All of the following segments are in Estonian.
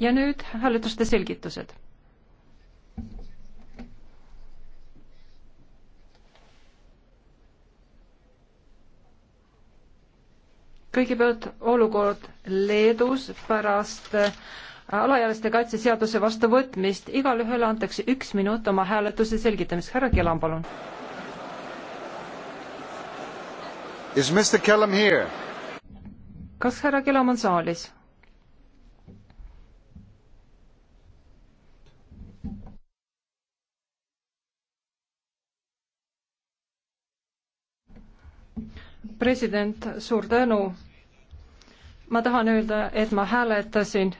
ja nüüd hääletuste selgitused. kõigepealt olukord Leedus pärast äh, alaealiste kaitse seaduse vastuvõtmist. igalühele antakse üks minut oma hääletuse selgitamiseks. härra Kelam, palun. Is Mr Kelam here? kas härra Kelam on saalis? president, suur tänu. ma tahan öelda, et ma hääletasin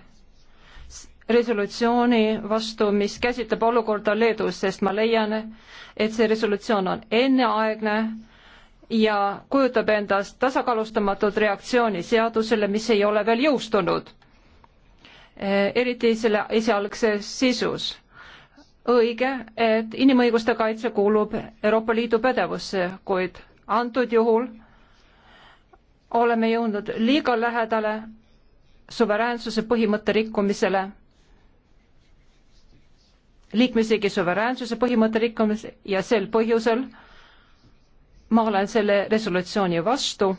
resolutsiooni vastu, mis käsitleb olukorda Leedus, sest ma leian, et see resolutsioon on enneaegne ja kujutab endast tasakaalustamatut reaktsiooni seadusele, mis ei ole veel jõustunud, eriti selle esialgses sisus. õige, et inimõiguste kaitse kuulub Euroopa Liidu pädevusse, kuid antud juhul oleme jõudnud liiga lähedale suveräänsuse põhimõtte rikkumisele liikmesriigi suveräänsuse põhimõtte rikkumise ja sel põhjusel ma olen selle resolutsiooni vastu,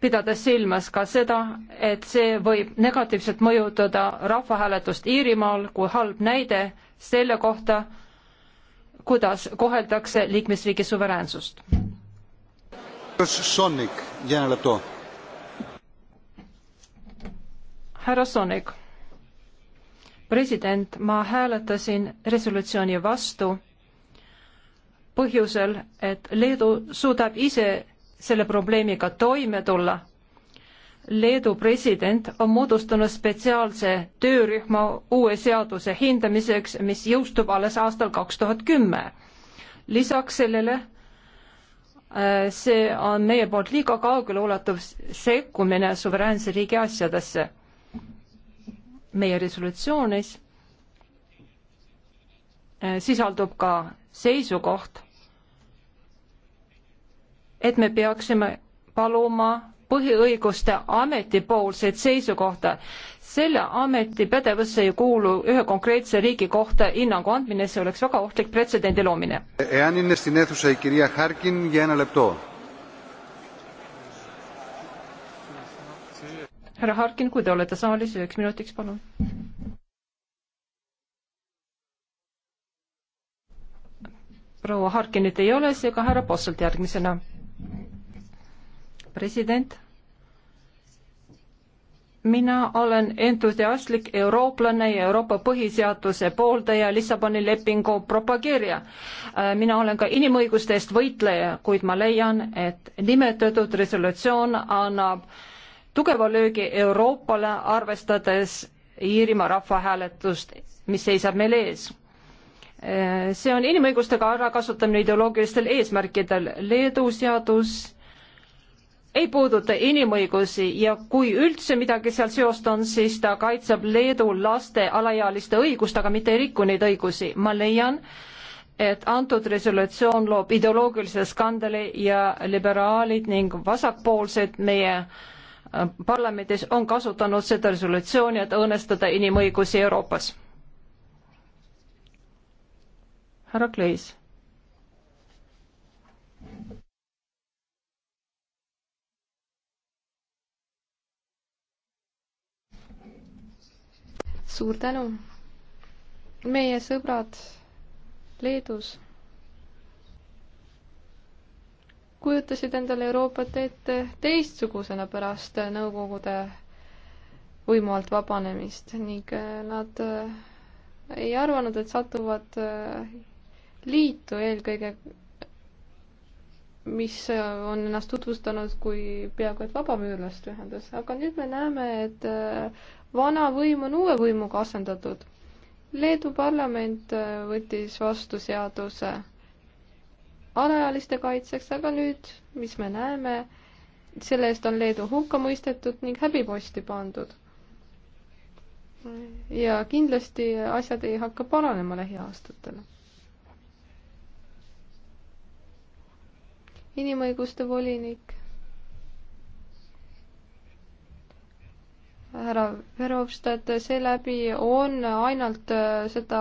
pidades silmas ka seda, et see võib negatiivselt mõjutada rahvahääletust Iirimaal kui halb näide selle kohta, kuidas koheldakse liikmesriigi suveräänsust. härra Sonik, president, ma hääletasin resolutsiooni vastu põhjusel, et Leedu suudab ise selle probleemiga toime tulla. Leedu president on moodustanud spetsiaalse töörühma uue seaduse hindamiseks, mis jõustub alles aastal kaks tuhat kümme. lisaks sellele äh, see on meie poolt liiga kaugeleulatuv sekkumine suveräänse riigi asjadesse. meie resolutsioonis äh, sisaldub ka seisukoht et me peaksime paluma põhiõiguste ametipoolseid seisukohta. selle ameti pädevusse ei kuulu ühe konkreetse riigi kohta hinnangu andmine, see oleks väga ohtlik pretsedendi loomine. härra Harkin, kui te olete saalis, üheks minutiks palun. proua Harkinit ei ole, seega härra Posselt järgmisena president mina olen entusiastlik eurooplane ja Euroopa põhiseaduse pooldaja, Lissaboni lepingu propageerija. Äh, mina olen ka inimõiguste eest võitleja, kuid ma leian, et nimetatud resolutsioon annab tugeva löögi Euroopale, arvestades Iirimaa rahvahääletust, mis seisab meil ees see on inimõigustega ärakasutamine ideoloogilistel eesmärkidel. Leedu seadus ei puuduta inimõigusi ja kui üldse midagi seal seost on, siis ta kaitseb Leedu laste alaealiste õigust, aga mitte ei riku neid õigusi. ma leian, et antud resolutsioon loob ideoloogilise skandali ja liberaalid ning vasakpoolsed meie äh, parlamendis on kasutanud seda resolutsiooni, et õõnestada inimõigusi Euroopas härra Kleis. suur tänu. meie sõbrad Leedus kujutasid endale Euroopat ette teistsugusena pärast Nõukogude võimu alt vabanemist ning äh, nad äh, ei arvanud, et satuvad äh, Liitu eelkõige, mis on ennast tutvustanud kui peaaegu et vabamüürlaste ühendus, aga nüüd me näeme, et äh, vana võim on uue võimuga asendatud. Leedu parlament äh, võttis vastu seaduse alaealiste kaitseks, aga nüüd, mis me näeme, selle eest on Leedu hukka mõistetud ning häbiposti pandud. ja kindlasti asjad ei hakka paranema lähiaastatel inimõiguste volinik härra Verhofstadt, seeläbi on ainult äh, seda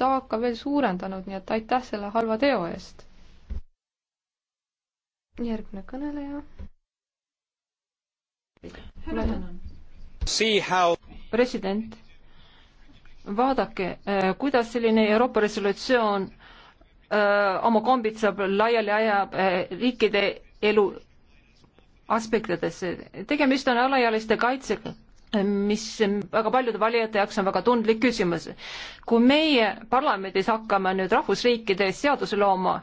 taaka veel suurendanud, nii et aitäh selle halva teo eest. järgmine kõneleja. härra Tänan. president, vaadake, äh, kuidas selline Euroopa resolutsioon oma kombid saab laiali ajab riikide elu aspektidesse. tegemist on alaealiste kaitsega, mis väga paljude valijate jaoks on väga tundlik küsimus. kui meie parlamendis hakkame nüüd rahvusriikides seadusi looma,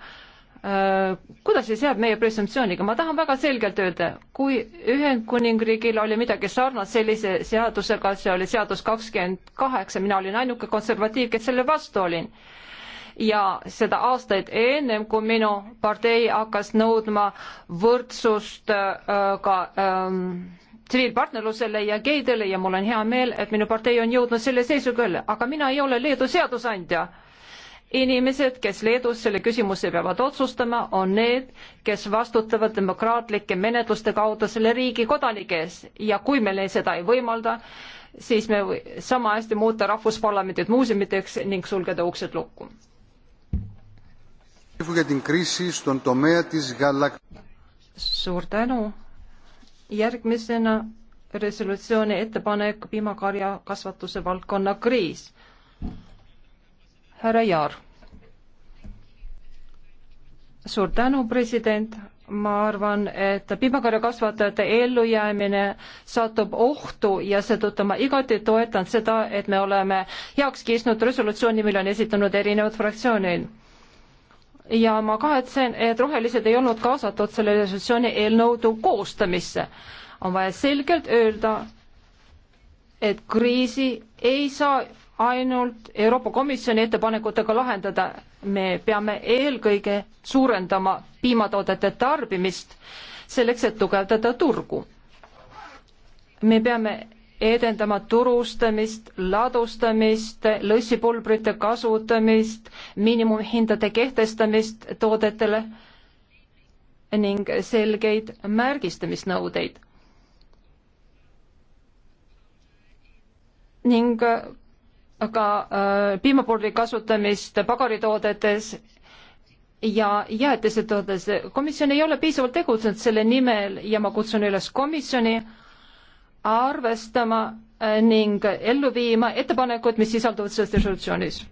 kuidas siis jääb meie presumptsiooniga, ma tahan väga selgelt öelda, kui Ühendkuningriigil oli midagi sarnast sellise seadusega, see oli seadus kakskümmend kaheksa, mina olin ainuke konservatiiv, kes selle vastu olin ja seda aastaid ennem, kui minu partei hakkas nõudma võrdsust äh, ka ähm, tsiviilpartnerlusele ja geidele ja mul on hea meel, et minu partei on jõudnud selle seisukohale, aga mina ei ole Leedu seadusandja. inimesed, kes Leedus selle küsimuse peavad otsustama, on need, kes vastutavad demokraatlike menetluste kaudu selle riigi kodanike ees ja kui me seda ei võimalda, siis me sama hästi muuta rahvusparlamendid muuseumideks ning sulgeda uksed lukku suur tänu. järgmisena resolutsiooni ettepanek piimakarja kasvatuse valdkonna kriis. härra Jaar. suur tänu, president. ma arvan, et piimakarjakasvatajate ellujäämine satub ohtu ja seetõttu ma igati toetan seda, et me oleme heaks kiisnud resolutsiooni, mille on esitanud erinevad fraktsioonid ja ma kahetsen, et rohelised ei olnud kaasatud selle resolutsiooni eelnõu koostamisse. on vaja selgelt öelda, et kriisi ei saa ainult Euroopa Komisjoni ettepanekutega lahendada, me peame eelkõige suurendama piimatoodete tarbimist selleks, et tugevdada turgu. me peame edendama turustamist, ladustamist, lõssipulbrite kasutamist, miinimumhindade kehtestamist toodetele ning selgeid märgistamisnõudeid. ning ka äh, piimapulbri kasutamist pagaritoodetes ja jäätisetoodete, komisjon ei ole piisavalt tegutsenud selle nimel ja ma kutsun üles komisjoni äh, arvestama äh, ning ellu viima ettepanekud, mis sisalduvad selles resolutsioonis.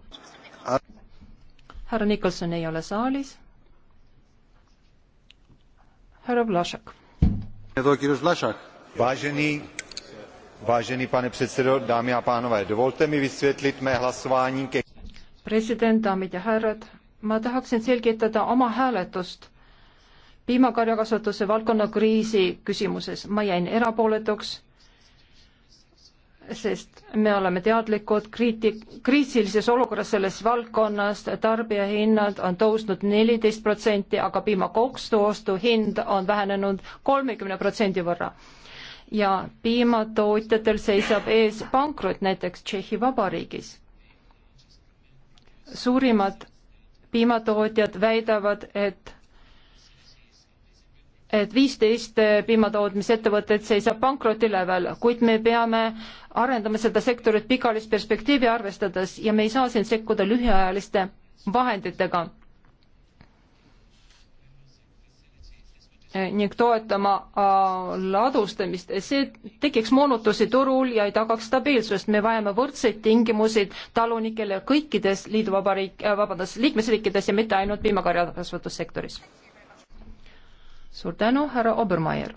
härra Nikolson ei ole saalis. härra Vlašak. Vážený, vážený pane předsedo, dámy a pánové, dovolte mi vysvětlit mé hlasování ke... President, daamid ja härrad, ma tahaksin selgitada oma hääletust piimakarjakasvatuse valdkonna kriisi küsimuses. ma jäin erapooletuks sest me oleme teadlikud kriiti-, kriitilises olukorras selles valdkonnas, tarbijahinnad on tõusnud neliteist protsenti, aga piimakokstu ostuhind on vähenenud kolmekümne protsendi võrra. ja piimatootjatel seisab ees pankrot näiteks Tšehhi Vabariigis. suurimad piimatootjad väidavad, et et viisteist piimatootmisettevõtet seisab pankroti lävel, kuid me peame arendama seda sektorit pikaajalist perspektiivi arvestades ja me ei saa siin sekkuda lühiajaliste vahenditega. ning toetama äh, ladustamist, see tekiks moonutusi turul ja ei tagaks stabiilsust, me vajame võrdseid tingimusi talunikele kõikides liiduvabariik, äh, vabandust, liikmesriikides ja mitte ainult piimakarjakasvatussektoris suur tänu, härra Obermeier.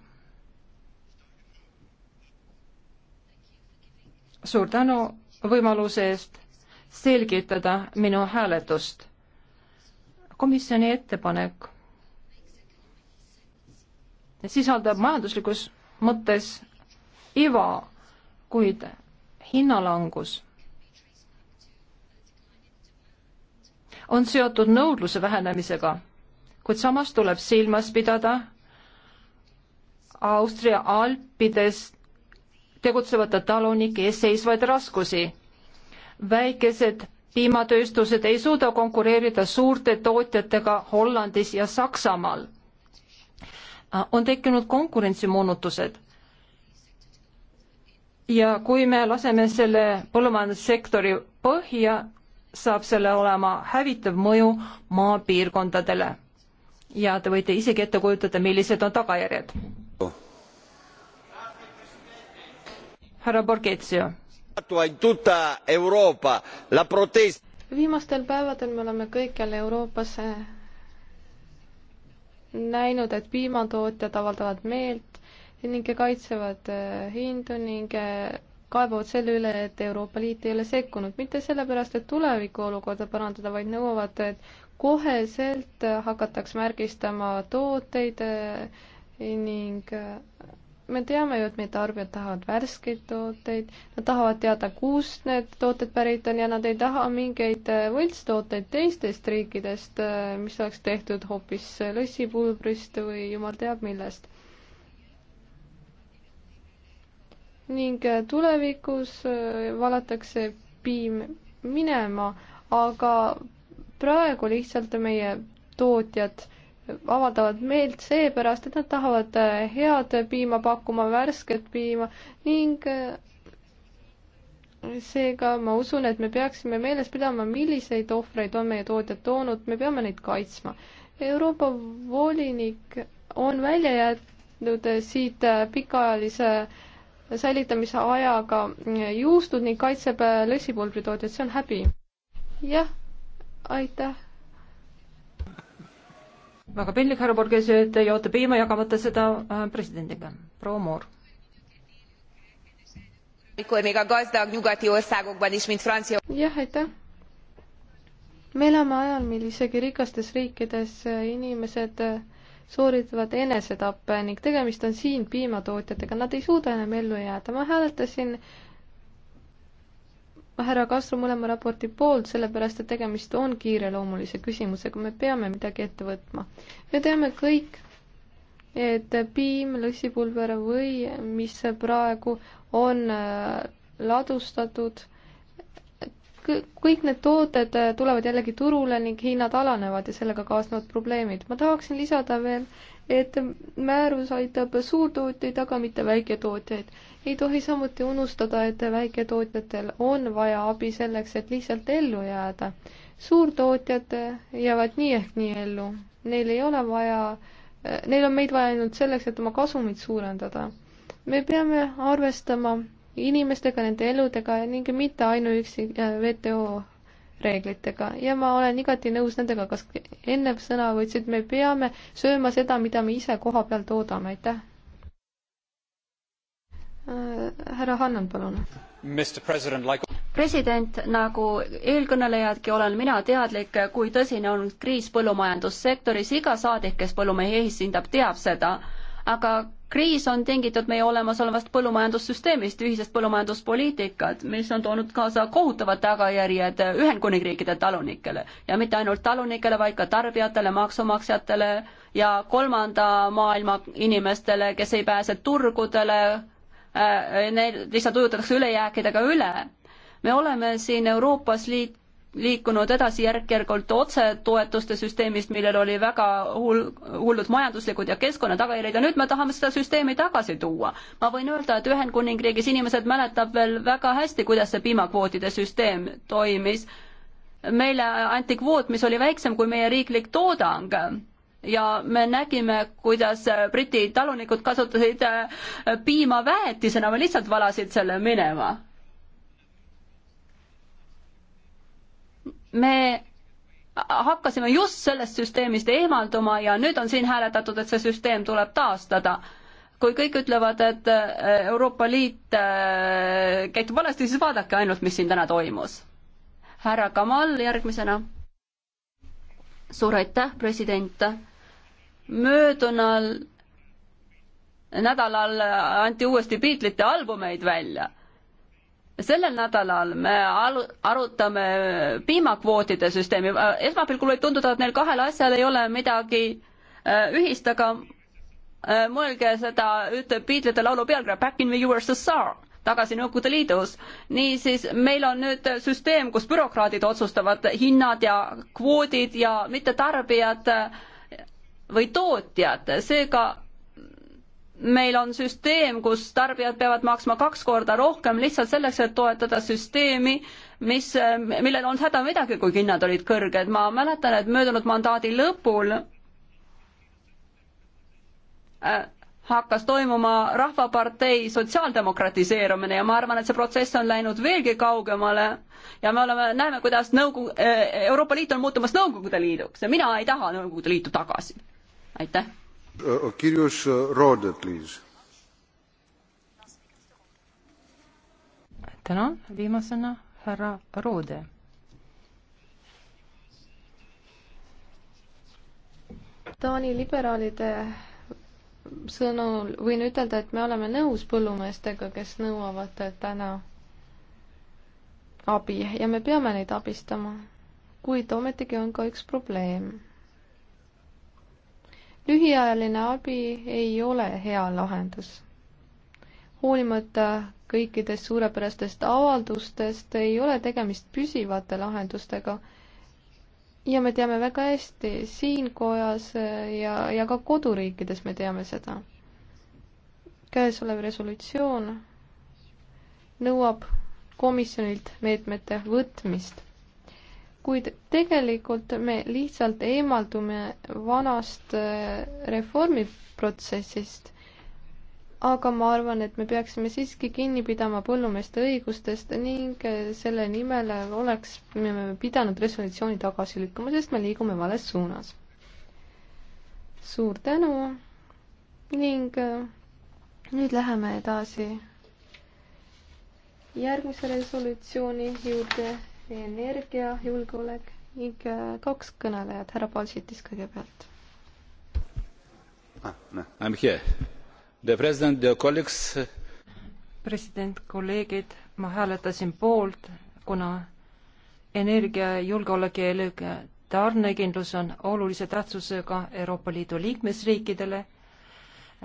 suur tänu võimaluse eest selgitada minu hääletust. komisjoni ettepanek sisaldab majanduslikus mõttes iva, kuid hinnalangus on seotud nõudluse vähenemisega kuid samas tuleb silmas pidada Austria alpides tegutsevate talunike ees seisvaid raskusi. väikesed piimatööstused ei suuda konkureerida suurte tootjatega Hollandis ja Saksamaal. Äh, on tekkinud konkurentsimoonutused. ja kui me laseme selle põllumajandussektori põhja, saab selle olema hävitav mõju maapiirkondadele ja te võite isegi ette kujutada, millised on tagajärjed. härra Borghezio. viimastel päevadel me oleme kõikjal Euroopas eh, näinud, et piimatootjad avaldavad meelt ning kaitsevad eh, hindu ning eh, kaebavad selle üle, et Euroopa Liit ei ole sekkunud, mitte sellepärast, et tuleviku olukorda parandada, vaid nõuavad, et koheselt hakataks märgistama tooteid eh, ning eh, me teame ju, et meie tarbijad tahavad värskeid tooteid, nad tahavad teada, kust need tooted pärit on ja nad ei taha mingeid eh, võltstooteid teistest riikidest, mis oleks tehtud hoopis lõssipulbrist või jumal teab millest. ning tulevikus valatakse piim minema, aga praegu lihtsalt meie tootjad avaldavad meelt seepärast, et nad tahavad eh, head piima pakkuma, värsket piima ning eh, seega ma usun, et me peaksime meeles pidama, milliseid ohvreid on meie tootjad toonud, me peame neid kaitsma. Euroopa volinik on välja jätnud eh, siit pikaajalise säilitamise ajaga juustud ning kaitseb lõssipulbritootjad, see on häbi. jah aitäh. väga piinlik, härra Borges, et te joote piima jagamata seda äh, presidendiga. proua Moor. jah, aitäh. me elame ajal, mil isegi rikastes riikides äh, inimesed äh, sooritavad enesetappe ning tegemist on siin piimatootjatega, nad ei suuda enam ellu jääda. ma hääletasin äh, härra Castro mõlema raporti poolt, sellepärast et tegemist on kiireloomulise küsimusega, me peame midagi ette võtma. me teame kõik, et piim, lõssipulber või mis praegu on äh, ladustatud, kõik need tooted äh, tulevad jällegi turule ning hinnad alanevad ja sellega kaasnevad probleemid. ma tahaksin lisada veel, et määrus aitab suurtootjaid, aga mitte väiketootjaid. ei tohi samuti unustada, et väiketootjatel on vaja abi selleks, et lihtsalt ellu jääda. suurtootjad jäävad nii ehk nii ellu, neil ei ole vaja, neil on meid vaja ainult selleks, et oma kasumit suurendada. me peame arvestama inimestega, nende eludega ning mitte ainuüksi äh, WTO reeglitega ja ma olen igati nõus nendega, kas enne sõna võtsid, me peame sööma seda, mida me ise koha peal toodame, aitäh. Äh, härra Hannan, palun. president, nagu eelkõnelejadki, olen mina teadlik, kui tõsine on kriis põllumajandussektoris, iga saadik, kes põllumehi esindab, teab seda, aga kriis on tingitud meie olemasolevast põllumajandussüsteemist, ühisest põllumajanduspoliitikat, mis on toonud kaasa kohutavad tagajärjed Ühendkuningriikide talunikele ja mitte ainult talunikele, vaid ka tarbijatele, maksumaksjatele ja kolmanda maailma inimestele, kes ei pääse turgudele, äh, neil lihtsalt ujutatakse ülejääkidega üle. me oleme siin Euroopas liit-, liikunud edasi järk-järgult otsetoetuste süsteemist, millel oli väga hull, hullud majanduslikud ja keskkonna tagajärjed ja nüüd me tahame seda süsteemi tagasi tuua. ma võin öelda, et Ühendkuningriigis inimesed mäletab veel väga hästi, kuidas see piimakvootide süsteem toimis. meile anti kvoot, mis oli väiksem kui meie riiklik toodang ja me nägime, kuidas Briti talunikud kasutasid äh, piima väetisena või lihtsalt valasid selle minema me hakkasime just sellest süsteemist eemalduma ja nüüd on siin hääletatud, et see süsteem tuleb taastada. kui kõik ütlevad, et äh, Euroopa Liit äh, käitub valesti, siis vaadake ainult, mis siin täna toimus. härra Kamal järgmisena. suur aitäh, president. möödunal nädalal anti uuesti Beatlesite albumeid välja sellel nädalal me arutame piimakvootide süsteemi. esmapilgul võib tunduda, et neil kahel asjal ei ole midagi äh, ühist, aga äh, mõelge seda, ütleb Beatlesite laulu pealkiri Back in the USSR tagasi Nõukogude Liidus. niisiis, meil on nüüd süsteem, kus bürokraadid otsustavad hinnad ja kvoodid ja mitte tarbijad äh, või tootjad, seega meil on süsteem, kus tarbijad peavad maksma kaks korda rohkem lihtsalt selleks, et toetada süsteemi, mis, millel on häda midagi, kui hinnad olid kõrged. ma mäletan, et möödunud mandaadi lõpul äh, hakkas toimuma Rahvapartei sotsiaaldemokratiseerumine ja ma arvan, et see protsess on läinud veelgi kaugemale ja me oleme, näeme, kuidas nõukogu, äh, Euroopa Liit on muutumas Nõukogude Liiduks ja mina ei taha Nõukogude Liitu tagasi. aitäh Uh, uh, Kirjus uh, Roode, please. tänan, viimasena härra Roode. Taani liberaalide sõnul võin ütelda, et me oleme nõus põllumeestega, kes nõuavad täna abi ja me peame neid abistama. kuid ometigi on ka üks probleem lühiajaline abi ei ole hea lahendus. hoolimata kõikidest suurepärastest avaldustest ei ole tegemist püsivate lahendustega ja me teame väga hästi siin kojas äh, ja, ja ka koduriikides me teame seda. käesolev resolutsioon nõuab komisjonilt meetmete võtmist kuid tegelikult me lihtsalt eemaldume vanast äh, reformiprotsessist. aga ma arvan, et me peaksime siiski kinni pidama põllumeeste õigustest ning äh, selle nimel oleks me pidanud resolutsiooni tagasi lükkama, sest me liigume vales suunas. suur tänu ning äh, nüüd läheme edasi järgmise resolutsiooni juurde energiajulgeolek ning äh, kaks kõnelejat, härra Balsitis kõigepealt ah,. I m here. The president, the colleagues. Äh, president, kolleegid, ma hääletasin poolt, kuna energiajulgeolek ja energiatarnekindlus on olulise tähtsusega Euroopa Liidu liikmesriikidele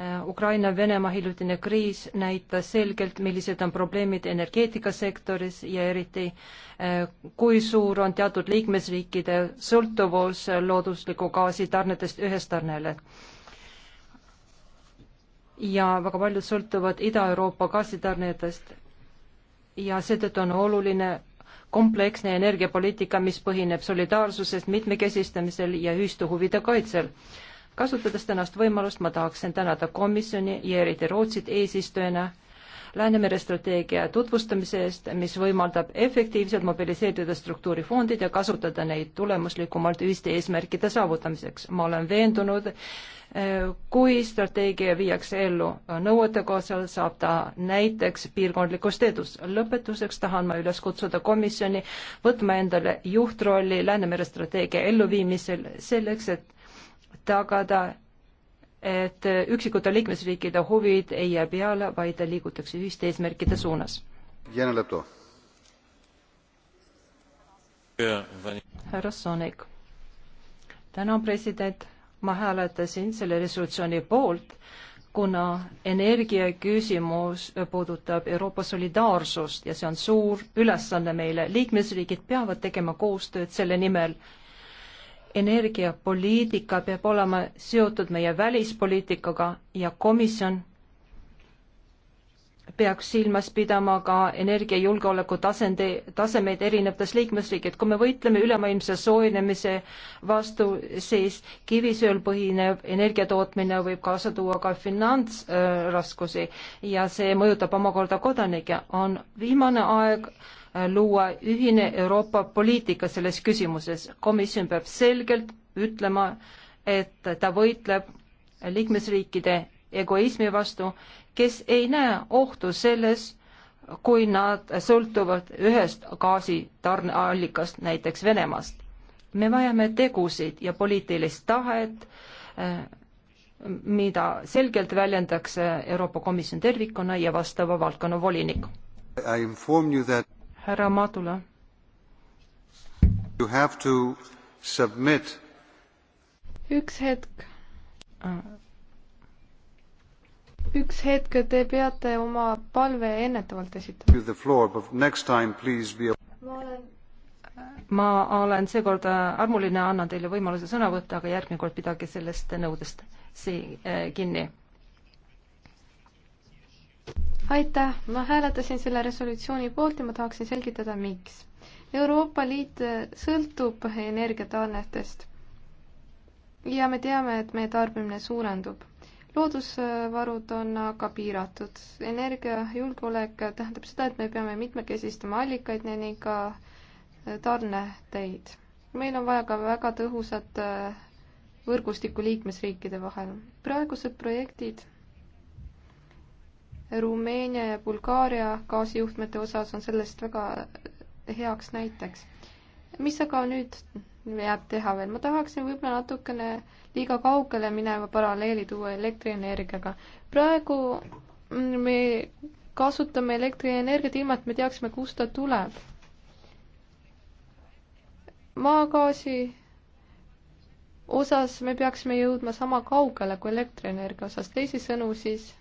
Äh, Ukraina-Venemaa hiljutine kriis näitas selgelt, millised on probleemid energeetikasektoris ja eriti äh, kui suur on teatud liikmesriikide sõltuvus loodusliku gaasi tarnetest ühest tarnele. ja väga paljud sõltuvad Ida-Euroopa gaasitarnetest ja seetõttu on oluline kompleksne energiapoliitika, mis põhineb solidaarsusest, mitmekesistamisel ja ühistuhuvide kaitsel kasutades tänast võimalust, ma tahaksin tänada komisjoni ja eriti Rootsit eesistujana Läänemere strateegia tutvustamise eest, mis võimaldab efektiivselt mobiliseerida struktuurifondid ja kasutada neid tulemuslikumalt ühiste eesmärkide saavutamiseks. ma olen veendunud, eh, kui strateegia viiakse ellu nõuete kohaselt, saab ta näiteks piirkondlikust edust. lõpetuseks tahan ma üles kutsuda komisjoni võtma endale juhtrolli Läänemere strateegia elluviimisel selleks, et tagada, et üksikute liikmesriikide huvid ei jää peale, vaid liigutakse ühiste eesmärkide suunas. härra Sonik, täna president, ma hääletasin selle resolutsiooni poolt, kuna energiaküsimus puudutab Euroopa solidaarsust ja see on suur ülesanne meile, liikmesriigid peavad tegema koostööd selle nimel, energiapoliitika peab olema seotud meie välispoliitikaga ja komisjon peaks silmas pidama ka energiajulgeoleku tasende, tasemeid erinevates liikmesriigid. kui me võitleme ülemaailmse soojenemise vastu, siis kivisööl põhinev energiatootmine võib kaasa tuua ka finantsraskusi ja see mõjutab omakorda kodanikke. on viimane aeg äh, luua ühine Euroopa poliitika selles küsimuses. komisjon peab selgelt ütlema, et ta võitleb liikmesriikide egoismi vastu, kes ei näe ohtu selles, kui nad sõltuvad ühest gaasitarneallikast, näiteks Venemaast. me vajame tegusid ja poliitilist tahet, eh, mida selgelt väljendaks Euroopa Komisjon tervikuna ja vastava valdkonna volinik. härra Madula. üks hetk ah, üks hetk, te peate oma palve ennetavalt esitama. ma olen ma olen seekord äh, armuline, annan teile võimaluse sõna võtta, aga järgmine kord pidage sellest nõudest see, äh, kinni. aitäh, ma hääletasin selle resolutsiooni poolt ja ma tahaksin selgitada, miks. Euroopa Liit äh, sõltub energiatarnetest. ja me teame, et meie tarbimine suurendub loodusvarud on aga piiratud. energiajulgeolek tähendab seda, et me peame mitmekesistama allikaid ning ka äh, tarneteid. meil on vaja ka väga tõhusat äh, võrgustikku liikmesriikide vahel. praegused projektid Rumeenia ja Bulgaaria gaasijuhtmete osas on sellest väga äh, heaks näiteks. mis aga nüüd jääb teha veel. ma tahaksin võib-olla natukene liiga kaugele mineva paralleeli tuua elektrienergiaga. praegu me kasutame elektrienergiat ilma, et me teaksime, kust ta tuleb. maagaasi osas me peaksime jõudma sama kaugele kui elektrienergia osas, teisisõnu siis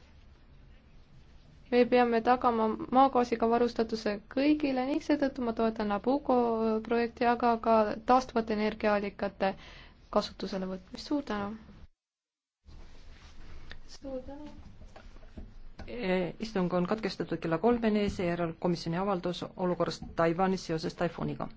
me peame tagama maagaasiga varustatuse kõigile ning seetõttu ma toetan Nabucco projekti, aga ka taastuvate energiaallikate kasutusele võtmist. suur tänu! suur tänu! E, istung on katkestatud kella kolmeni, seejärel komisjoni avaldus olukorrast Taiwanis seoses taifuniga